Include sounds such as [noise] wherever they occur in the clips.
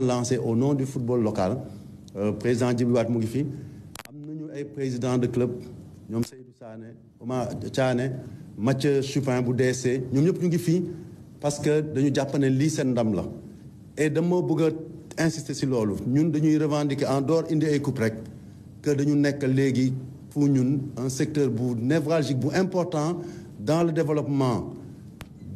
lancé au nom du football local euh, président Jimmy Wat nous président de club nous Seydou Mathieu Chupin DC nous parce que nous sommes et insister sur Nous revendiquer en dehors de que nous nekk un secteur névralgique important dans le développement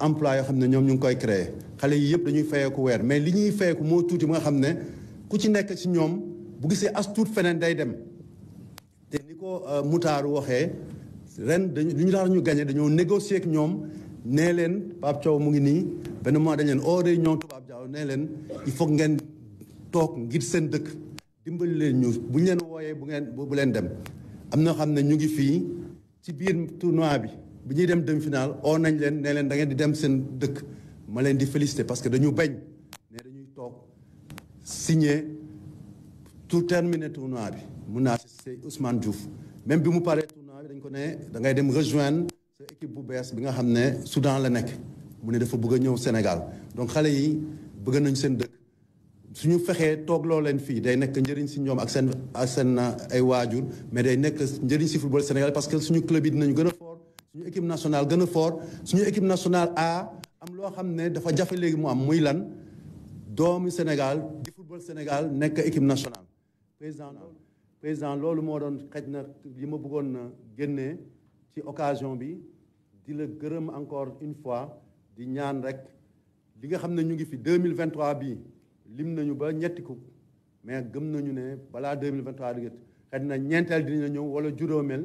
emploi yoo xam ne ñoom ñu ngi koy créer xale yi yëpp dañuy fayeeku weer mais li ñuy fayeeku moo tuuti ba nga xam ne ku ci nekk ci ñoom bu gisee as tuut feneen day dem te ni ko euh, Moutaaru waxee ren dañu li daal ñu gagné dañoo négocier ak ñoom nee leen Pape Thiaw mu ngi nii benn mois dañ leen oo oh, réunion tubaab jaaw nee leen il faut ngeen toog ngir seen dëkk dimbali leen ñu bu ñu leen wooyee bu ngeen bu leen dem am na xam ne ñu ngi fii ci biir tournois bi. bi ñuy dem demi final oo nañ leen ne leen da ngeen di dem seen dëkk ma leen di félicité parce que dañu bañ ne dañuy toog signe tout terminé tournoi bi mun naa c'est Ousmane Diouf même bi mu paree tournoi bi dañ ko ne da ngay dem rejoindre sa équipe bu bees bi nga xam ne Soudan la nekk mu ne dafa bëgg a ñëw Sénégal donc xale yi bëgg nañ seen dëkk suñu fexee toog loo leen fii day nekk njëriñ si ñoom ak seen ak seen ay waajur mais day nekk njëriñ si football Sénégal parce que suñu club yi dinañu gën a suñu équipe nationale gëna fort suñu équipe nationale A am lo xamné dafa jafé légui mu am muy lan doomu Sénégal di football Sénégal nek équipe nationale président président loolu mo doon xejna na li ma bëggoon na génnee ci occasion bi di le gërëm encore une fois di ñaan rek li nga xamné ñu ngi fi 2023 bi lim nañu ba ñetti coupe mais gëm nañu né bala 2023 di xejna na ñeenteel dina ñëw wala juróomeel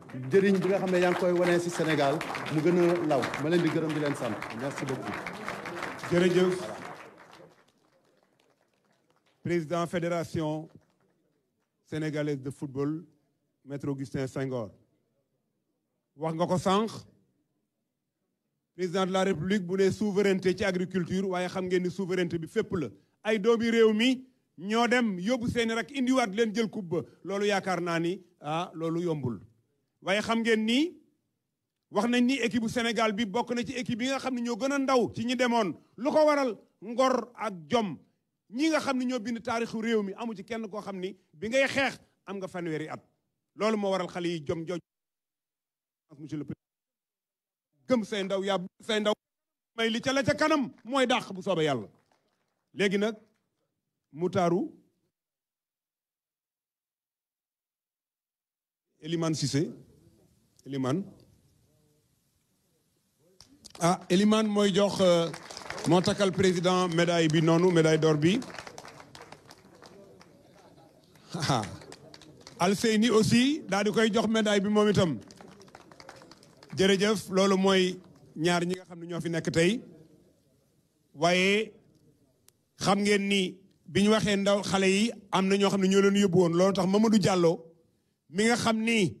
njëriñ bi nga xam ne yaa ngi koy wane si Sénégal mu gën a law ma leen di gërëm di leen sant merci beaucoup. jërëjëf président fédération sénégalaise de football maître Augustin Senghor. wax nga ko sànq président de la république bu ne souveraineté ci agriculture waaye xam ngeen ni souveraineté bi fépp la ay doomi réew mi. ñoo dem yóbbu seeni rek indiwaat leen jël coupe ba loolu yaakaar naa ni ah loolu yombul waaye xam ngeen nii wax na ni équipe bu Sénégal bi bokk na ci équipe bi nga xam ne ñoo gën a ndaw ci ñi demoon lu ko waral ngor ak jom ñi nga xam ne ñoo bind taarixu réew mi amu ci kenn koo xam ni bi ngay xeex am nga fanweeri at loolu moo waral xale yi jom jooju monsieur le président gëm say ndaw yaa say ndaw may li ca la ca kanam mooy dàq bu soobee yàlla léegi nag mu taaru Elimane Eliman ah Eliman mooy jox euh, moo takkal président médaille bi noonu médaille d'or bi ah Alseyni aussi daal di koy jox médaille bi moom itam jërëjëf loolu mooy ñaar ñi nga xam ne ñoo fi nekk tey waaye xam ngeen ni bi ñu waxee ndaw xale yi am na ñoo xam ne ñoo leen yóbbu woon loolu tax Mamadou Diallo mi nga xam ni.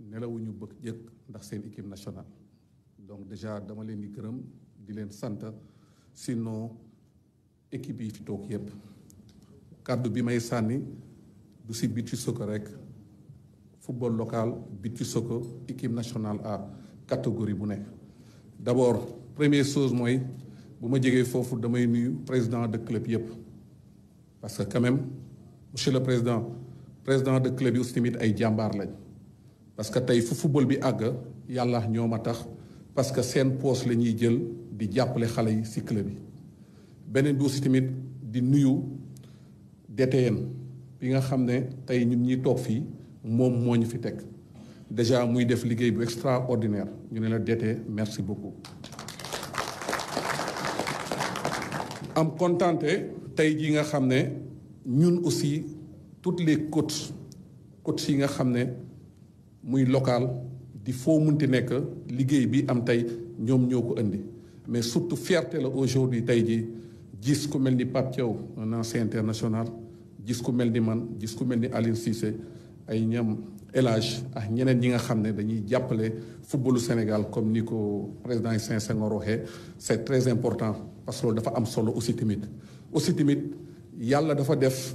nelawuñu bëgg jëkk ndax seen équipe nationale donc déjà dama leen di gërëm di leen sant sinon équipe yi fi toog yépp kàddu bi may sànni du si Beach soko rek football local Beach soko équipe nationale A catégorie bu nekk d'abord première chose mooy bu ma jegee foofu damay nuyu président de club yépp parce que quand même monsieur le président président de club yi aussi tamit ay jàmbaar lañ parce que tay fu football bi àgg yalla ñoma tax parce que sen poste la ñuy jël di jàppale xalé yi si club bi benen bi aussi tamit di nuyu DTN bi nga xamné tay ñun ñi toog fi mom moñu fi tek déjà muy def liggéey bu extraordinaire ñu ne la DT merci beaucoup. am contenté tay ji nga xamné ñun aussi toutes les côtes côtes yi nga xamné muy local di foo munti nekk liggéey bi am tey ñoom ñoo ko indi mais surtout fierté la aujourd'hui tey ji gis ku mel ni Pape un ancien international gis ku mel ni man gis ku mel ni Aline Cissé ay ñam élage ak ñeneen ñi nga xam ne dañuy jàppale footballu Sénégal comme ni président Augustin Senghor waxee c'est très important parce que loolu dafa am solo aussi tamit aussi tamit yàlla dafa def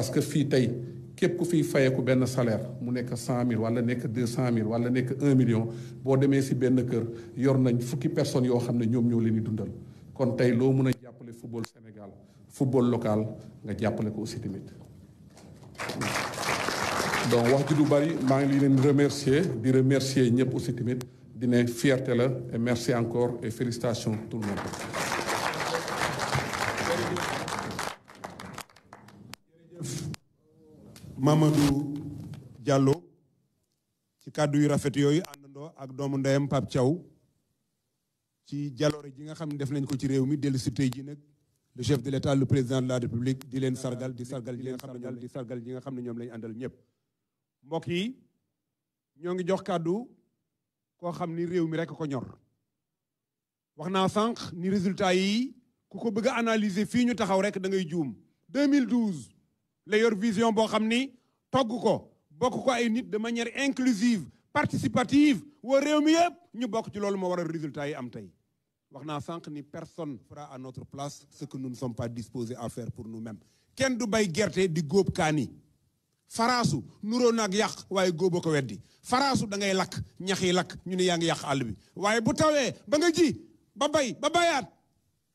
parce que fi tay képp ku fiy fayeku benn salaire mu nekk 100 mille wala nekk 200 mille wala nekk 1 million boo demee si benn kër yor nañ fukki personne yoo xam ne ñoom ñoo leen di dundal kon tey loo mun a football sénégal football local nga jàppale ko aussi tamit donc wax du bari ma ngi leen remercier di remercier ñëpp aussi tamit di ne fierté la et merci encore et félicitations tout le monde Mamadou jàlloo ci kàddu yu rafet yooyu àndandoo ak doomu ndeyam Pape Thiaw ci jaloore ji nga xam ne def nañ ko ci réew mi dellu si tey ji nag le chef de l'état le président de la république di leen sargal di sargal ji nga xam ne di sargal ji nga xam ne ñoom lañu àndal ñëpp mbokk yi ñoo ngi jox kàddu koo xam ni réew mi rek ko ñor wax naa sànq ni résultat yi ku ko bëgg a analyser fii ñu taxaw rek da ngay juum 2012 Leur vision bo xamni togg ko bokk ko ay nit de manière inclusive participative wo réew mi yëpp ñu bokk ci lolu mo waral résultat yi am tay waxna sank ni personne fera à notre place ce que nous ne sommes pas disposés à faire pour nous-mêmes Ken du bay gerte di góob kaani faraasu nuróo naag yàq waaye góob ko weddi Farasu, da ngay lak ñax yi ñu ne yaa ngi yàq àll bi waaye bu tawé ba nga ji ba bay ba bayat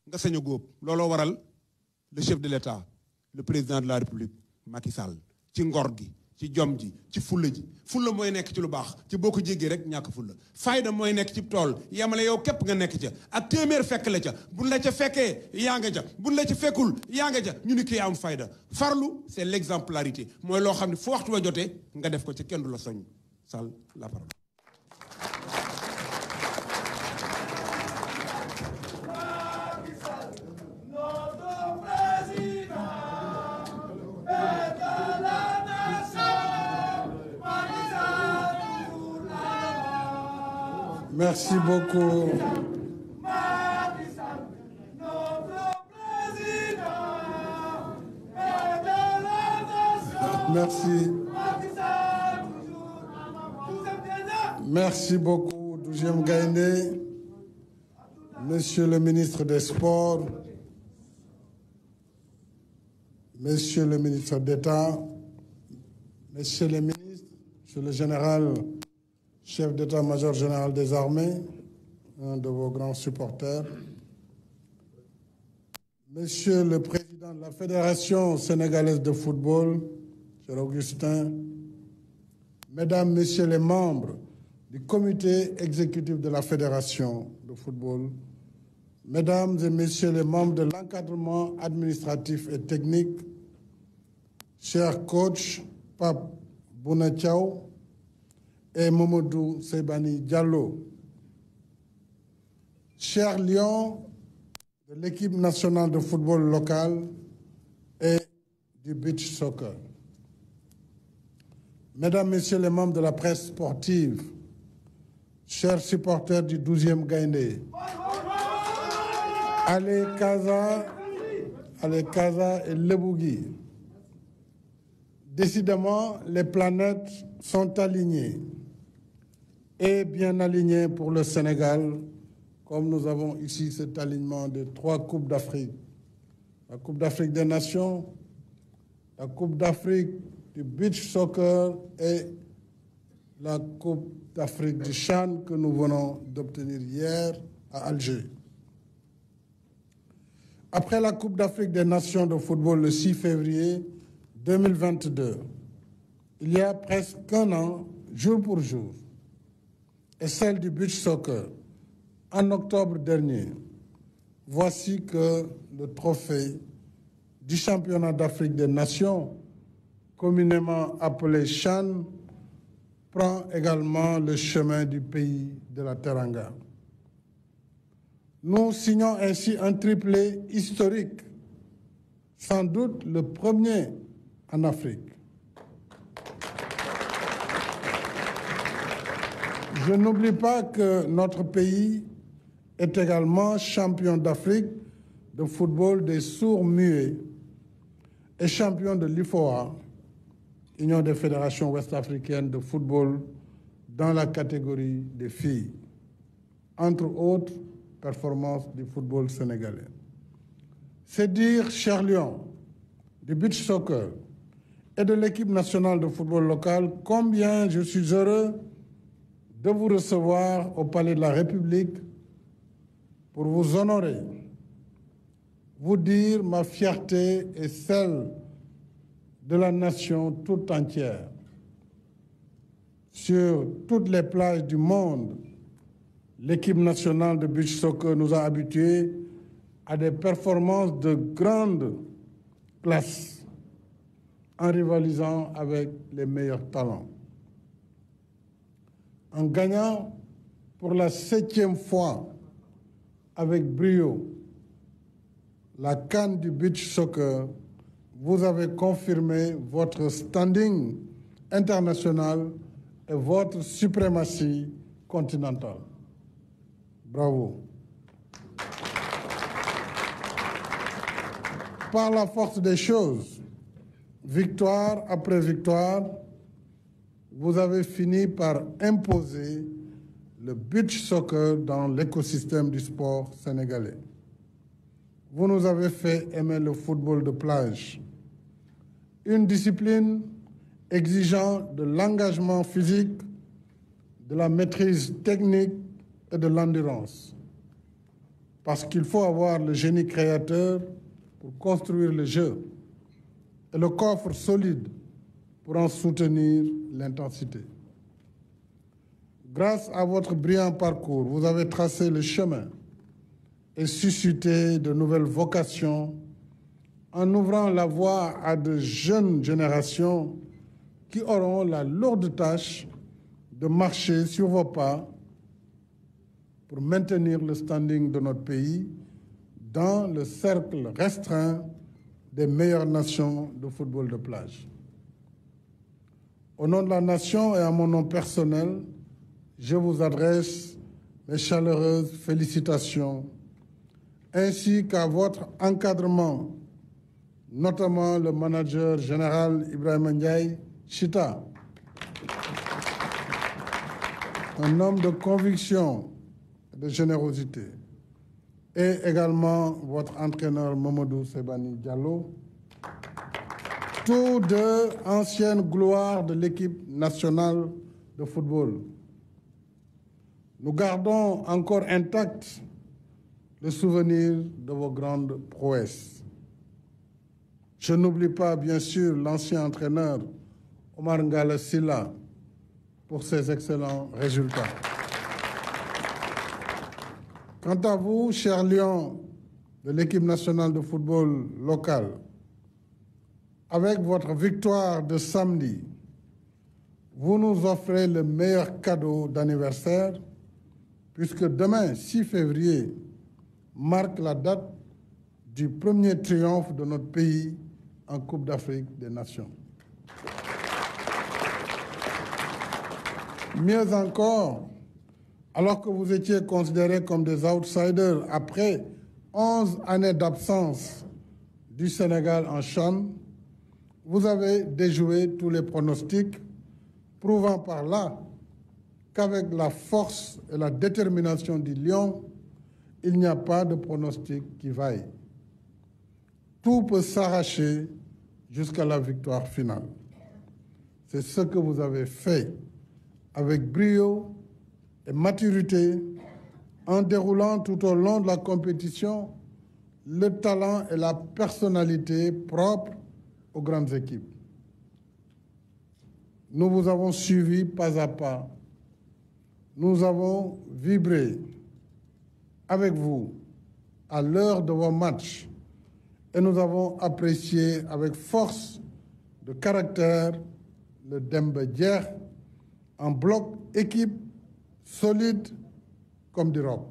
nga sañ a góob waral le chef de l'État le président de la République Macky Sall ci ngor gi ci jom ji ci fulla ji fulla mooy nekk ci lu baax ci boo ko jéggee rek ñàkk fulla fayda mooy nekk ci tool yamale yow képp nga nekk ca ak téeméer fekk la ca buñ la ca fekkee yaa nga ca buñ la ca fekkul yaa nga ca ñu ni kii am fayda farlu c'est l'exemplarité mooy loo xam ne fu waxtu wa jotee nga def ko ca kenn du la soñ Sall la Merci beaucoup. Merci. Merci beaucoup, 12e Gaïné, Monsieur le ministre des Sports, Monsieur le ministre d'État, Monsieur le ministre, Monsieur le général chef d'état-major général des armées, un de vos grands supporters, Monsieur le Président de la Fédération sénégalaise de football, cher Augustin, Mesdames, Messieurs les membres du comité exécutif de la Fédération de football, Mesdames et Messieurs les membres de l'encadrement administratif et technique, cher coach Pape Bounatiao, et Momodou Sebani Diallo. Cher Lyon de l'équipe nationale de football local et du beach soccer. Mesdames, Messieurs les membres de la presse sportive, chers supporters du 12e Gainé, Allez Kaza, Kaza et Lebougui. Décidément, les planètes sont alignées et bien aligné pour le Sénégal, comme nous avons ici cet alignement de trois Coupes d'Afrique. La Coupe d'Afrique des Nations, la Coupe d'Afrique du beach soccer et la Coupe d'Afrique du Chan que nous venons d'obtenir hier à Alger. Après la Coupe d'Afrique des Nations de football le 6 février 2022, il y a presque un an, jour pour jour, et celle du beach soccer en octobre dernier, voici que le trophée du championnat d'Afrique des Nations, communément appelé Chan, prend également le chemin du pays de la Teranga. Nous signons ainsi un triplé historique, sans doute le premier en Afrique. Je n'oublie pas que notre pays est également champion d'Afrique de football des sourds-muets et champion de l'IFOA, Union des fédérations ouest-africaines de football, dans la catégorie des filles, entre autres performances du football sénégalais. C'est dire, cher Lyon, du beach soccer et de l'équipe nationale de football local, combien je suis heureux de vous recevoir au Palais de la République pour vous honorer, vous dire ma fierté et celle de la nation tout entière. Sur toutes les plages du monde, l'équipe nationale de beach soccer nous a habitués à des performances de grande classe en rivalisant avec les meilleurs talents en gagnant pour la septième fois avec brio la canne du beach soccer, vous avez confirmé votre standing international et votre suprématie continentale. Bravo. Par la force des choses, victoire après victoire, vous avez fini par imposer le beach soccer dans l'écosystème du sport sénégalais. Vous nous avez fait aimer le football de plage, une discipline exigeant de l'engagement physique, de la maîtrise technique et de l'endurance. Parce qu'il faut avoir le génie créateur pour construire le jeu et le coffre solide pour en soutenir l'intensité. Grâce à votre brillant parcours, vous avez tracé le chemin et suscité de nouvelles vocations en ouvrant la voie à de jeunes générations qui auront la lourde tâche de marcher sur vos pas pour maintenir le standing de notre pays dans le cercle restreint des meilleures nations de football de plage. Au nom de la nation et à mon nom personnel, je vous adresse mes chaleureuses félicitations, ainsi qu'à votre encadrement, notamment le manager général Ibrahim Ndiaye Chita, un homme de conviction et de générosité, et également votre entraîneur Mamadou Sebani Diallo, tous de anciennes gloires de l'équipe nationale de football. Nous gardons encore intact le souvenir de vos grandes prouesses. Je n'oublie pas, bien sûr, l'ancien entraîneur Omar Ngala Silla pour ses excellents résultats. Quant à vous, cher Lyon de l'équipe nationale de football locale, avec votre victoire de samedi, vous nous offrez le meilleur cadeau d'anniversaire, puisque demain, 6 février, marque la date du premier triomphe de notre pays en Coupe d'Afrique des Nations. Mieux encore, alors que vous étiez considérés comme des outsiders après 11 années d'absence du Sénégal en Chambre, vous avez déjoué tous les pronostics, prouvant par là qu'avec la force et la détermination du lion, il n'y a pas de pronostic qui vaille. Tout peut s'arracher jusqu'à la victoire finale. C'est ce que vous avez fait avec brio et maturité en déroulant tout au long de la compétition le talent et la personnalité propres aux grandes équipes. Nous vous avons suivi pas à pas. Nous avons vibré avec vous à l'heure de vos matchs et nous avons apprécié avec force de caractère le Dembe en bloc équipe solide comme du roc.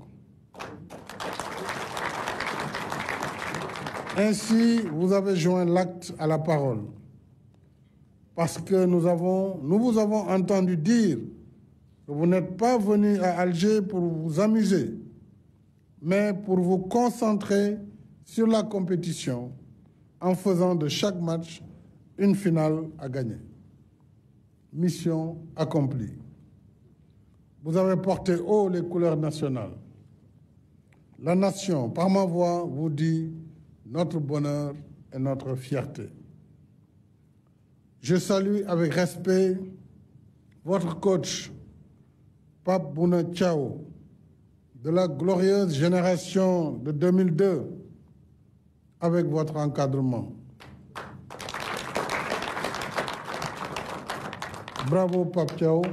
Ainsi, vous avez joint l'acte à la parole. Parce que nous, vous avons entendu dire que vous n'êtes pas venu à Alger pour vous amuser, mais pour vous concentrer sur la compétition en faisant de chaque match une finale à gagner. Mission accomplie. Vous avez porté haut les couleurs nationales. La nation, par ma voix, vous dit notre bonheur et notre fierté. Je salue avec respect votre coach, Pape Bouna Chao, de la glorieuse génération de 2002, avec votre encadrement. Bravo, Pape Chao.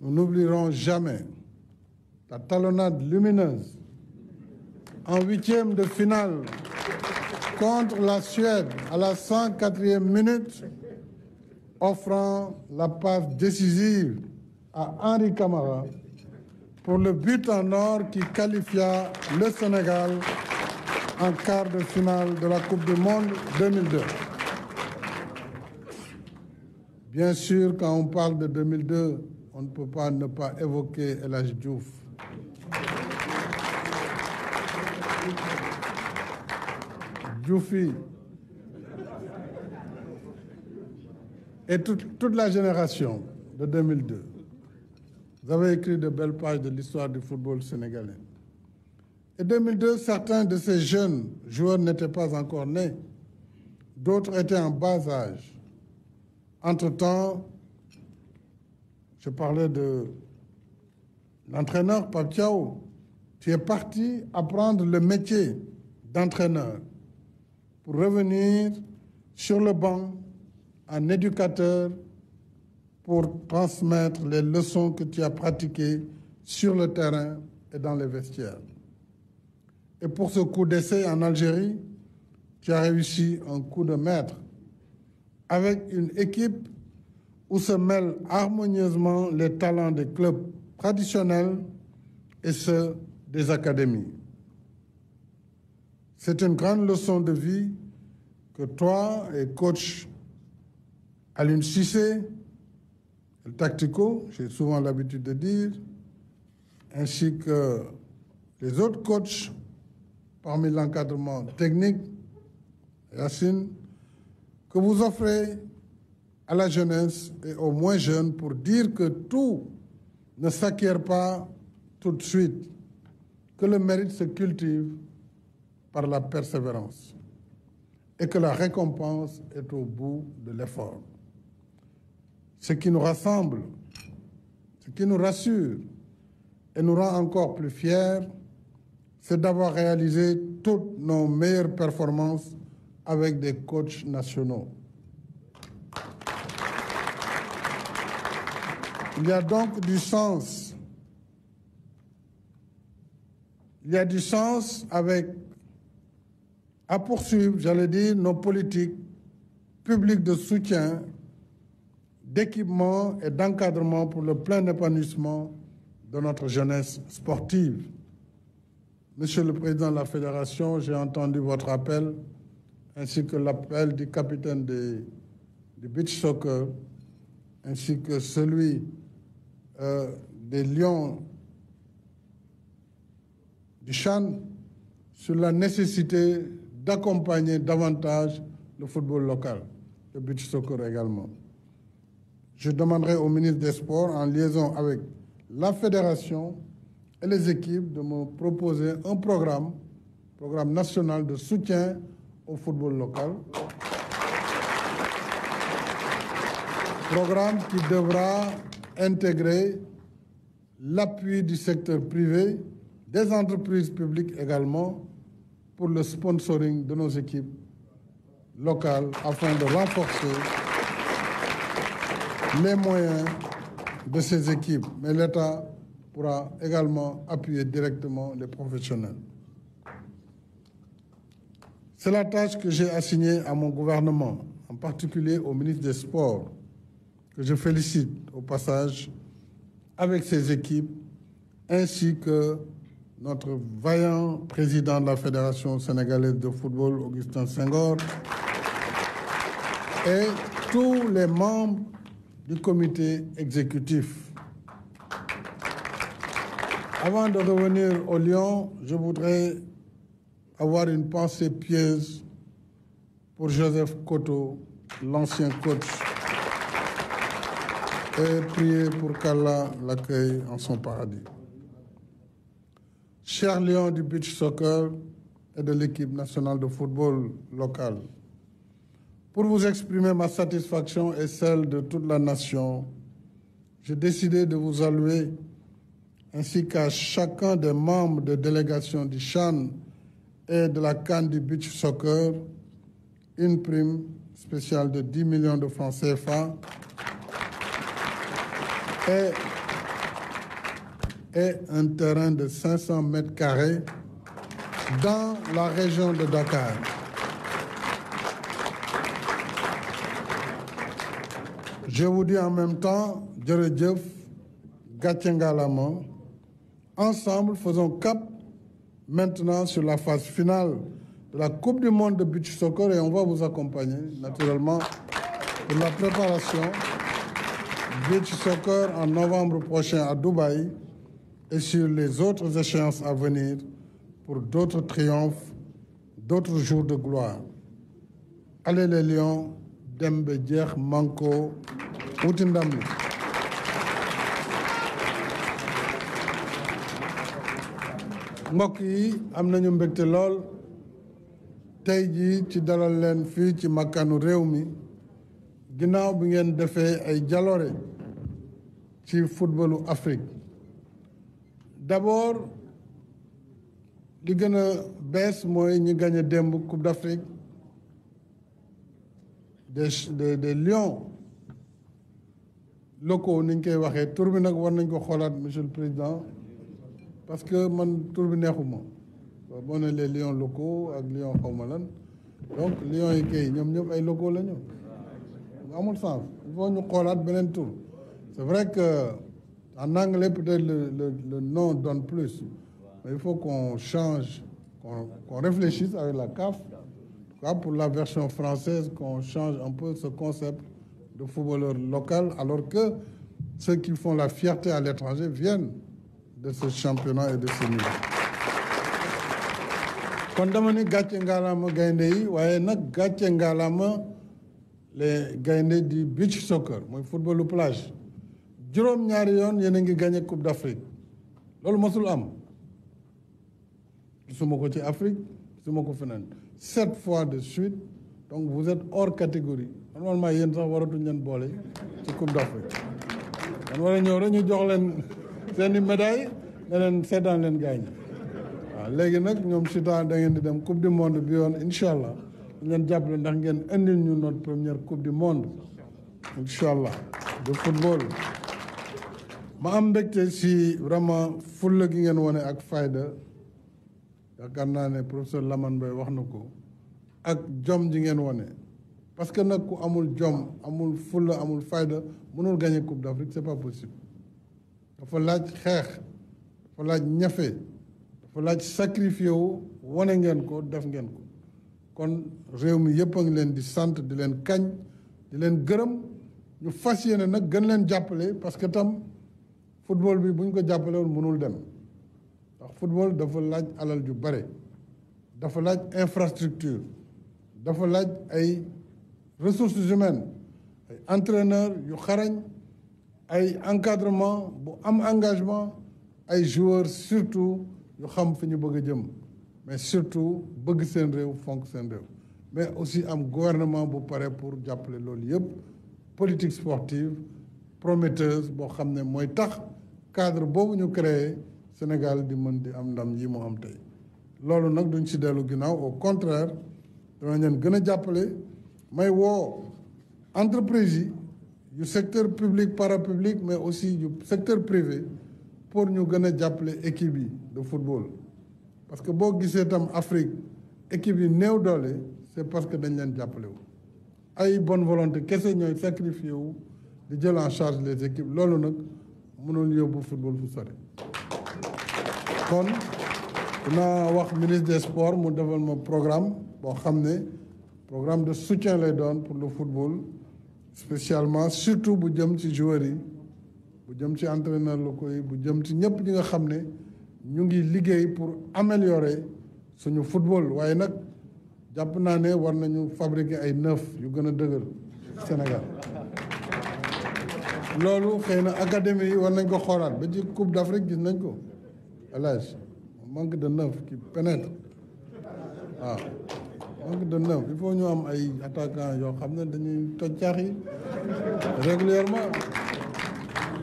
Nous n'oublierons jamais la talonnade lumineuse en huitième de finale contre la Suède à la 104e minute, offrant la passe décisive à Henri Camara pour le but en or qui qualifia le Sénégal en quart de finale de la Coupe du Monde 2002. Bien sûr, quand on parle de 2002, on ne peut pas ne pas évoquer El Diouf Joufi Et toute, la génération de 2002. Vous avez écrit de belles pages de l'histoire du football sénégalais. Et 2002, certains de ces jeunes joueurs n'étaient pas encore nés. D'autres étaient en bas âge. Entre-temps, je parlais de l'entraîneur Papiao, tu es parti apprendre le métier d'entraîneur pour revenir sur le banc en éducateur pour transmettre les leçons que tu as pratiquées sur le terrain et dans les vestiaires. Et pour ce coup d'essai en Algérie, tu as réussi un coup de maître avec une équipe où se mêlent harmonieusement les talents des clubs traditionnels et ceux des académies. C'est une grande leçon de vie que toi et coach à Cissé, le tactico, j'ai souvent l'habitude de dire, ainsi que les autres coachs parmi l'encadrement technique, Yacine, que vous offrez à la jeunesse et aux moins jeunes pour dire que tout ne s'acquiert pas tout de suite que le mérite se cultive par la persévérance et que la récompense est au bout de l'effort. Ce qui nous rassemble, ce qui nous rassure et nous rend encore plus fiers, c'est d'avoir réalisé toutes nos meilleures performances avec des coachs nationaux. Il y a donc du sens Il y a du sens avec à poursuivre, j'allais dire, nos politiques publiques de soutien, d'équipement et d'encadrement pour le plein épanouissement de notre jeunesse sportive. Monsieur le Président de la Fédération, j'ai entendu votre appel ainsi que l'appel du capitaine du beach soccer, ainsi que celui euh, des Lions du Chan sur la nécessité d'accompagner davantage le football local, le beach soccer également. Je demanderai au ministre des Sports, en liaison avec la fédération et les équipes, de me proposer un programme, programme national de soutien au football local. Programme qui devra intégrer l'appui du secteur privé, des entreprises publiques également pour le sponsoring de nos équipes locales afin de renforcer les moyens de ces équipes. Mais l'État pourra également appuyer directement les professionnels. C'est la tâche que j'ai assignée à mon gouvernement, en particulier au ministre des Sports, que je félicite au passage avec ses équipes ainsi que notre vaillant président de la Fédération sénégalaise de football, Augustin Senghor, et tous les membres du comité exécutif. Avant de revenir au Lyon, je voudrais avoir une pensée pieuse pour Joseph Koto, l'ancien coach, et prier pour qu'Allah l'accueille en son paradis cher Léon du beach soccer et de l'équipe nationale de football locale, pour vous exprimer ma satisfaction et celle de toute la nation, j'ai décidé de vous allouer, ainsi qu'à chacun des membres de délégation du CHAN et de la Cannes du Beach Soccer, une prime spéciale de 10 millions de francs CFA et et un terrain de 500 mètres carrés dans la région de Dakar. Je vous dis en même temps, Djeredjev, Lamon, ensemble faisons cap maintenant sur la phase finale de la Coupe du Monde de Beach Soccer et on va vous accompagner naturellement dans la préparation Beach Soccer en novembre prochain à Dubaï et sur les autres échéances à venir pour d'autres triomphes, d'autres jours de gloire. Allez les lions, Dembe Manko, Outindamou. Moki, yi am nañu mbégte lool tey jii ci dalal len fi ci makkanu Afrique d'abord les gens gagné la Coupe d'Afrique des des lions locaux ni ont monsieur le président parce que je suis bi neexuma les lions locaux ak lions donc lions yi kay ñoom locaux locaux c'est vrai que en anglais, peut-être le, nom donne plus. Mais il faut qu'on change, qu'on réfléchisse avec la CAF, pour la version française, qu'on change un peu ce concept de footballeur local, alors que ceux qui font la fierté à l'étranger viennent de ce championnat et de ce niveau. Quand on les beach soccer football de plage juróom-ñaari yoon yéen a ngi gagné Coupe d'Afrique loolu mosul am gisuma ko ci Afrique gisuma ko feneen sept fois de suite donc vous êtes hors catégorie normalement yéen sax waratuñ leen boole ci Coupe d'Afrique man war a ñëw rek ñu jox leen seen médaille ne leen seetaan leen gaañ waaw léegi nag ñoom sita da ngeen di dem Coupe du monde bi yoon incha allah ñu leen jàppale ndax ngeen indil ñu notre première Coupe du monde incha allah de football ma am mbégte si vraiment fulla gi ngeen wane ak fayda yaakaar naa ne professeur laman Mbaye wax na ko ak jom ji ngeen wane parce que nag ku amul jom amul fulla amul fayda mënul gagné coupe d'Afrique c'est pas possible dafa laaj xeex dafa laaj ñafe dafa laaj sacrifié wu wane ngeen ko def ngeen ko kon réew mi yëpp a ngi leen di sant di leen kañ di leen gërëm ñu fas yéene nag gën leen jàppale parce que tam football bi buñ ñu ko jàppalewul mënul dem ndax football dafa laaj alal ju bare dafa laaj infrastructure dafa laaj ay ressources humaines ay entraîneurs yu xarañ ay encadrement bu am engagement ay joueurs surtout yu xam fi ñu bëgg a jëm mais surtout bëgg seen réew fonk seen réew mais aussi am gouvernement bu pare pour jàppale loolu yëpp politique sportive prometteuse boo xam ne mooy tax cadre boobu ñu créé Sénégal di mën di am ndam yi mu am tey loolu nag duñ ci dellu ginnaaw au contraire dana leen gën a jàppale may woo entreprise yu secteur public parapublic mais aussi yu secteur privé pour ñu gën a jàppale équipe de football. parce que boo gisee tam Afrique équipe yi néew doole c'est parce que dañ leen jàppale wu ay bonne volonté kese ñooy sacrifié wu di jël en charge les équipes loolu nag. mënoon yóbbu football fu sori kon dinaa wax ministre des sports mu defal ma programme boo xam ne programme de soutien lay doon pour le football spécialement surtout bu jëm ci joueurs yi bu jëm ci entraîneur la koy bu jëm ci ñëpp ñi nga xam ne ñu ngi liggéey pour améliorer suñu football waaye nag jàpp naa ne war nañu fabriquer ay neuf yu gën a dëgër Sénégal lolu xeyna na académie yi war nañ ko xoolaat ba ci coupe d'Afrique gis nañ ko hélas manque de neuf qui pénètre waaw ah, manque de neuf il faut ñu am ay attaquant yoo xam ne dañuy toj caax yi régulièrement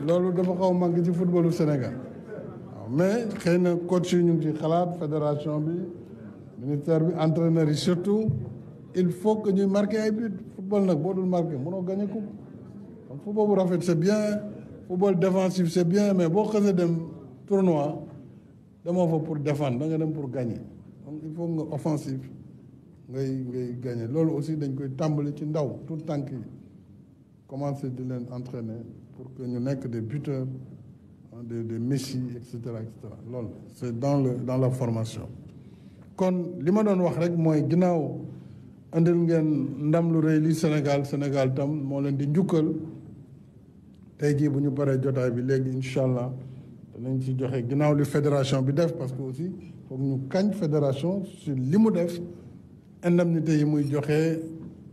loolu dama xaw mag ci footballu Sénégal waaw ah, mais xëy na coach yi ñu ngi ci xalaat fédération bi ministère bi entraîneur yi surtout il faut que ñuy marqué ay but football nag boo dul marqué mënoo gagné coupe football rafet c'est bien football défensif c'est bien mais boo xasee dem tournoi demoo fa pour défendre da nga pour gagner donc il faut offensif ngay ngay gagner loolu aussi dañ koy tàmbali ci ndaw tout le temps commencer commence à entraîner pour que ñu que des buteurs hein, des des Messi etc., cetera et c'est dans le dans la formation. kon li ma doon wax rek mooy ginnaaw indil ngeen ndam lu rëy li Sénégal Sénégal tam moo leen di tey jii bu ñu paree jotaay bi léegi incha allah danañ ci joxe ginnaaw li fédération bi def parce que aussi foog ñu kañ fédération si li mu def indemnité yi muy joxe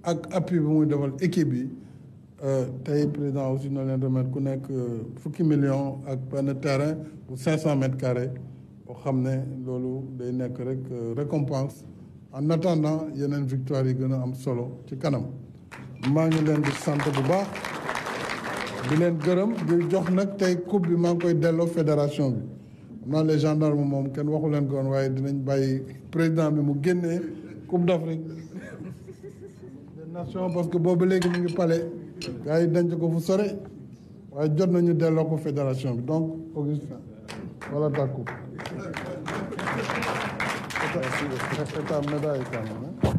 ak appui bi muy defal équipe yi euh, tey président aussi na leen remettre ku nekk euh, fukki million ak benn terrain bu 500 mètres carrés boo xam ne loolu day nekk rek euh, récompense en attendant yeneen victoire yi gën a am solo ci kanam maa ngi leen di sant bu baax di leen gërëm di jox nag tey coupe bi maa ngi koy delloo fédération bi man les gendarmes moom kenn waxu leen ko woon waaye dinañ bàyyi président bi mu génnee coupe d'Afrique de [laughs] nation parce que boobu léegi mu ngi pale gars yi denc ko fu sore waaye jot nañu delloo ko fédération bi donc Augustin wala ta coupe médaille quand même hein.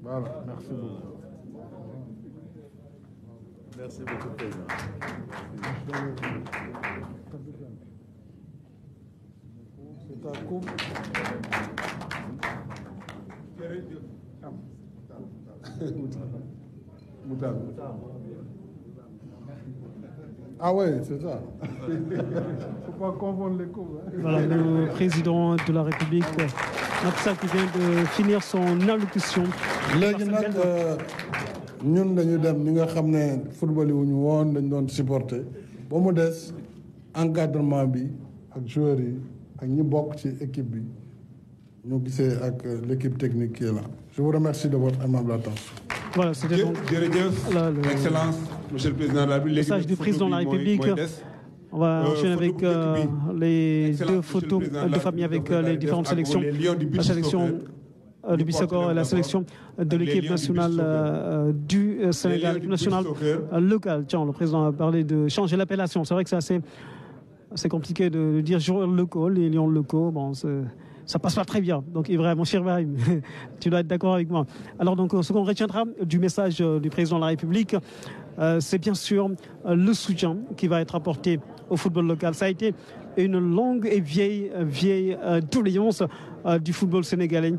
voilà merci beaucoup Merci, beaucoup. Président. C'est Ah ouais, c'est ça. faut pas hein. Voilà, le président de la République, vient de finir son allocution ñun dañu dem ñi nga xam ne football yi wuñu woon dañ doon supporter ba mu des encadrement bi ak joueurs yi ak ñi bokk ci équipe bi ñu gisee ak euh, l'équipe technique qui est là je vous remercie de votre aimable attention. voilà c'était donc jërëjëf excellence monsieur le président de la République. message du président de la République. On va euh, enchaîner avec euh, les deux photos de famille avec les différentes sélections. Les Lions La sélection du euh, et la sélection de l'équipe nationale euh, du euh, Sénégal, l'équipe nationale locale. Tiens, le président a parlé de changer l'appellation. C'est vrai que c'est assez c'est compliqué de, dire joueur local les lions locaux, bon, ça passe pas très bien. Donc, Ibrahim, mon cher [laughs] tu dois être d'accord avec moi. Alors, donc, ce qu'on retiendra du message du président de la République, c'est bien sûr le soutien qui va être apporté au football local. Ça a été une longue et vieille, vieille euh, du football sénégalais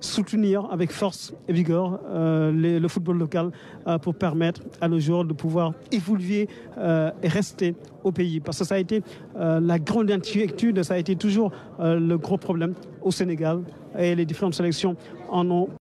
soutenir avec force et vigueur euh, le football local euh, pour permettre à nos joueurs de pouvoir évoluer euh, et rester au pays. Parce que ça a été la grande inquiétude, ça a été toujours le gros problème au Sénégal et les différentes sélections en ont